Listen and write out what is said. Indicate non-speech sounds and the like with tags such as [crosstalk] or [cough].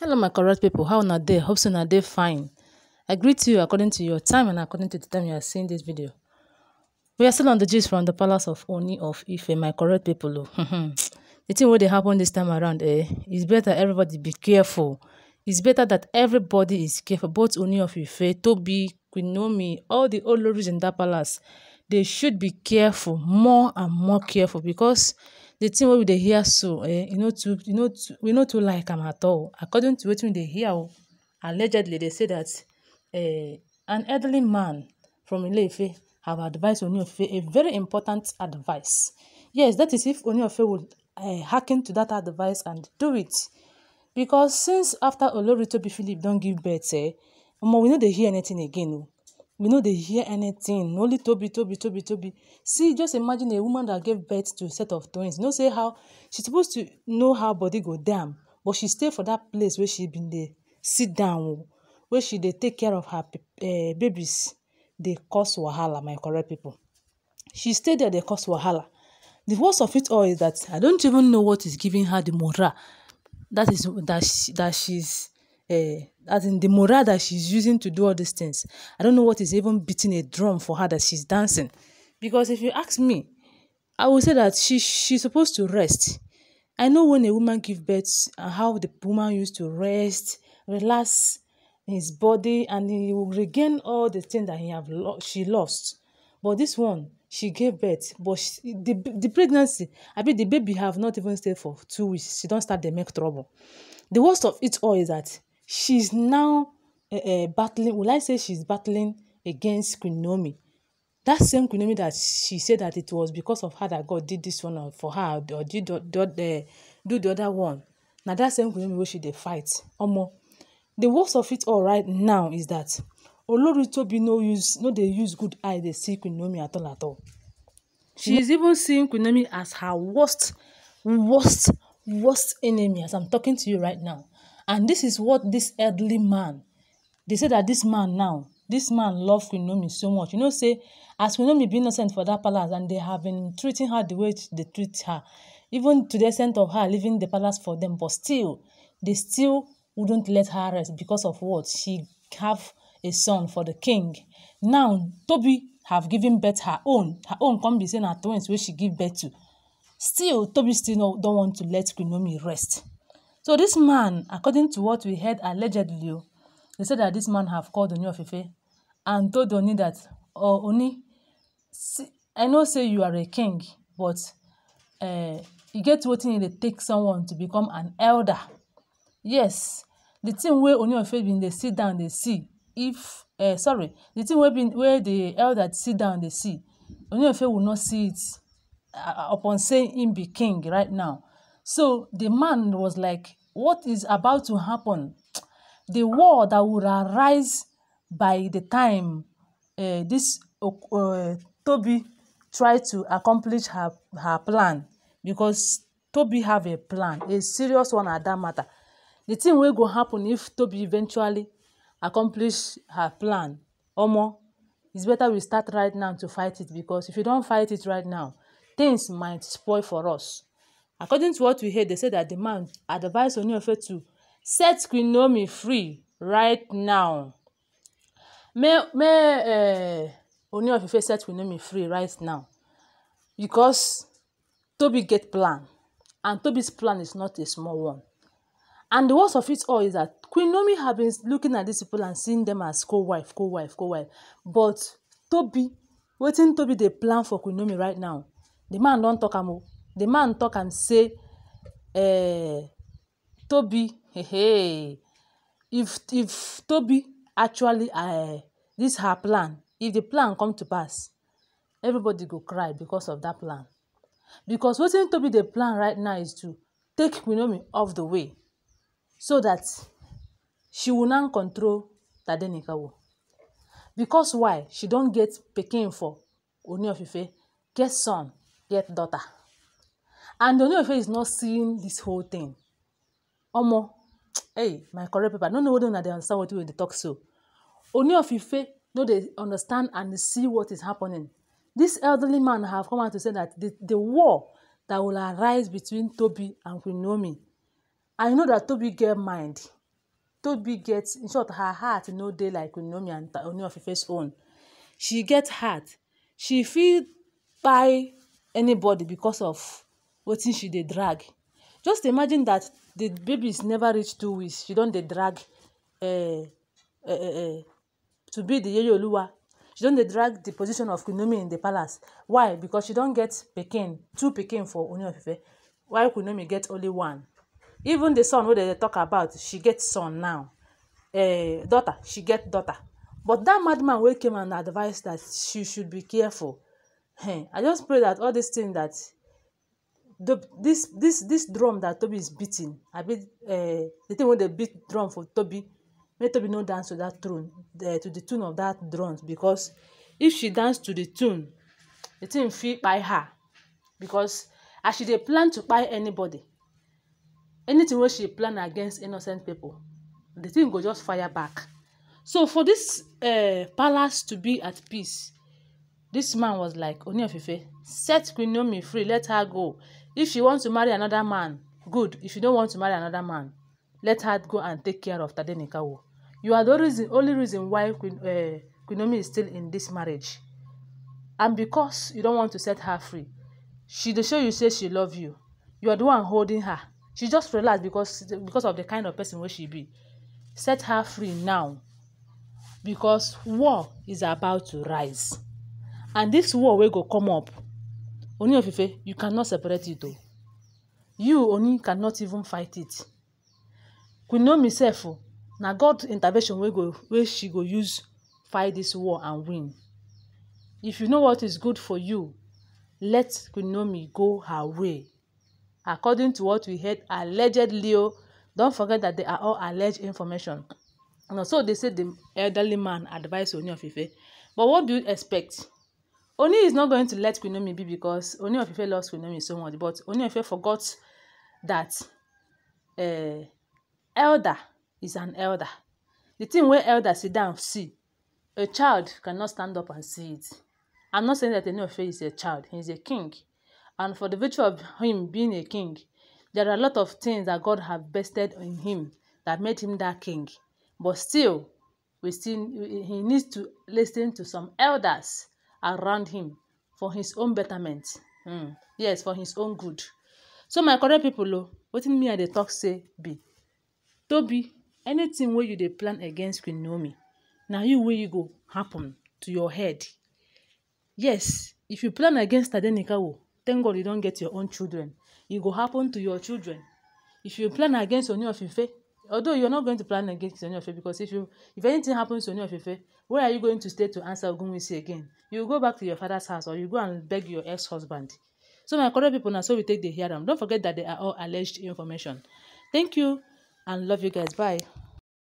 Hello, my correct people. How na day? Hope so na day fine. I greet you according to your time and according to the time you are seeing this video. We are still on the gist from the palace of Oni of Ife, my correct people. Oh. [laughs] the thing what they happen this time around, eh? It's better everybody be careful. It's better that everybody is careful. Both Oni of Ife, Toby, Quinomi, all the old lorries in that palace, they should be careful, more and more careful because the thing wey we dey hear so eh, you e know too, you e know too, we no too like am at all. According to wetin we dey hear oh, allegedly they say that eh, an elderly man from ile have advised Oniofe a very important advice. Yes, that is if Oniofe would eh, hearken to that advice and do it. Because since after Olori Tobi Philip don give birth, eh, omo, we no dey hear anything again oh we no dey hear anything only tobi tobi tobi tobi see just imagine a woman that gave birth to a set of twins you know say how she suppose to know how body go dey am but she stay for that place where she been dey sit down o oh, wey she dey take care of her uh, babies dey cause wahala my correct people she stay there dey cause wahala the worst of it all is that i don't even know what is giving her the morale that is that she, that she's uh, as in the morale that she's using to do all these things. I don't know what is even beating a drum for her that she's dancing. Because if you ask me, I will say that she she's supposed to rest. I know when a woman gives birth, uh, how the woman used to rest, relax his body, and he will regain all the things that he have lo- she lost. But this one, she gave birth, but she, the the pregnancy, I mean the baby have not even stayed for two weeks. She don't start to make trouble. The worst of it all is that She's now uh, battling, will I say she's battling against Kunomi? That same Kunomi that she said that it was because of her that God did this one for her or did do, do, uh, do the other one. Now that same Kunomi Naomi where she dey fight. Omo, the worst of it all right now is that Olori Tobi no use no dey use good eye dey see Kunomi at all at all. She mm. is even seeing Kunomi as her worst, worst, worst enemy as I'm talking to you right now. And this is what this elderly man, they say that this man now, this man loved Queen Naomi so much. You know, say, as Queen Naomi been innocent for that palace and they have been treating her the way they treat her, even to the extent of her leaving the palace for them, but still, they still wouldn't let her rest because of what? She have a son for the king. Now, Toby have given birth her own. Her own come be saying her twins, which she give birth to. Still, Toby still no, don't want to let Queen Naomi rest. So this man, according to what we heard allegedly, oh, they said that this man have called Oni of Ife and told Oni that, oh, Oni, see, I know say you are a king, but uh, you get what need to take someone to become an elder. Yes, the thing where Oni of Ife they sit down they see if uh, sorry the thing where been where the elder sit down they see Oni of will not see it uh, upon saying him be king right now. So the man was like, what is about to happen, the war that will arise by the time uh, this uh, Toby tried to accomplish her, her plan because Toby have a plan, a serious one at that matter. The thing wey go happen if Toby eventually accomplish her plan, Omo, it's better we start right now to fight it because if you don't fight it right now, things might spoil for us. According to what we hear, they said that the man advised Oniofe to set Queen Naomi free right now. May, may uh, eh, Oniofe set Queen Naomi free right now because Tobi get plan and Tobi's plan is not a small one. And the worst of it all is that Queen Naomi have been looking at these people and seeing them as co-wife, co-wife, co-wife. But Tobi, wetin Tobi dey plan for Queen Naomi right now, the man don talk am o. The man talk am say um toby hey, if if toby actually um this her plan if the plan come to pass everybody go cry because of that plan because wetin toby dey plan right now is to take Naomi off the way so that she will now control Tadenikawo. Because why? She don get pikin for Ooni of Ife, get son, get daughter and Ooni of Ife is not seeing this whole thing omo hey my correct paper, i no know whether una dey understand wetin we dey talk so Ooni of Ife no dey understand and see what is happening this elderly man have come out to say that the the war that will arise between Tobi and Queen i know that Tobi get mind Tobi get in short her heart no dey like Queen Naomi and Ooni of Ife's own she get heart she fit kpai anybody because of wetin she dey drag just imagine dat di babies never reach two weeks she don dey drag um um to be the yeye oluwa she don dey drag the position of Kunomi in the palace why Because she don get pikin two pikin for ooni of ife while queen get only one even the son wey dem dey talk about she get son now um daughter she get daughter but that madman wey came and advise that she should be careful um i just pray that all these things that the this this this drum that Toby is beating abi uh, eh, the thing wey dey beat drum for Toby, make Toby no dance to that tune uh, to the tune of that drum because if she dance to the tune the thing fit kpai her because as she dey plan to kpai anybody anything wey she plan against innocent people the thing go just fire back so for this uh, palace to be at peace this man was like Ooni of set Queen Naomi free let her go if she want to marry another man good if she don't want to marry another man let her go and take care of tadenikawo you are the only reason only reason why queen uh, queen is still in this marriage and because you don want to set her free she dey show you say she love you you are the one holding her she just relax because because of the kind of person wey she be set her free now because war is about to rise and this war wey go come up Oni of you cannot separate it though. You, Oni, cannot even fight it. Kunomi Naomi sef, na God intervention wey go wey she go use fight this war and win. If you know what is good for you, let Kunomi go her way. According to what we heard alleged Leo. don't forget that they are all alleged information. Na so they say the elderly man advise Oni of But what do you expect? Oni is not going to let Queen be because Oni of Ife loves Queen Naomi so much, but Oni of Ife forgot that uh, elder is an elder. The thing where elder sit down see, a child cannot stand up and see it. I'm not saying that Oni of Ife is a child; he is a king, and for the virtue of him being a king, there are a lot of things that God have vested in him that made him that king. But still, we still he needs to listen to some elders around him for his own betterment um yes for his own good so my correct people o wetin me i dey talk say be tobi anything wey you dey plan against queen naomi na you wey you go happen to your head yes if you plan against adenikawo thank god you don get your own children e go happen to your children if you plan against oni of although you're not going to plan against Oniofe because if you if anything happens to Oniofe where are you going to stay to answer Ogunwusi again you go back to your father's house or you go and beg your ex-husband so my current people na so we take dey hear am don't forget that they are all alleged information thank you and love you guys bye.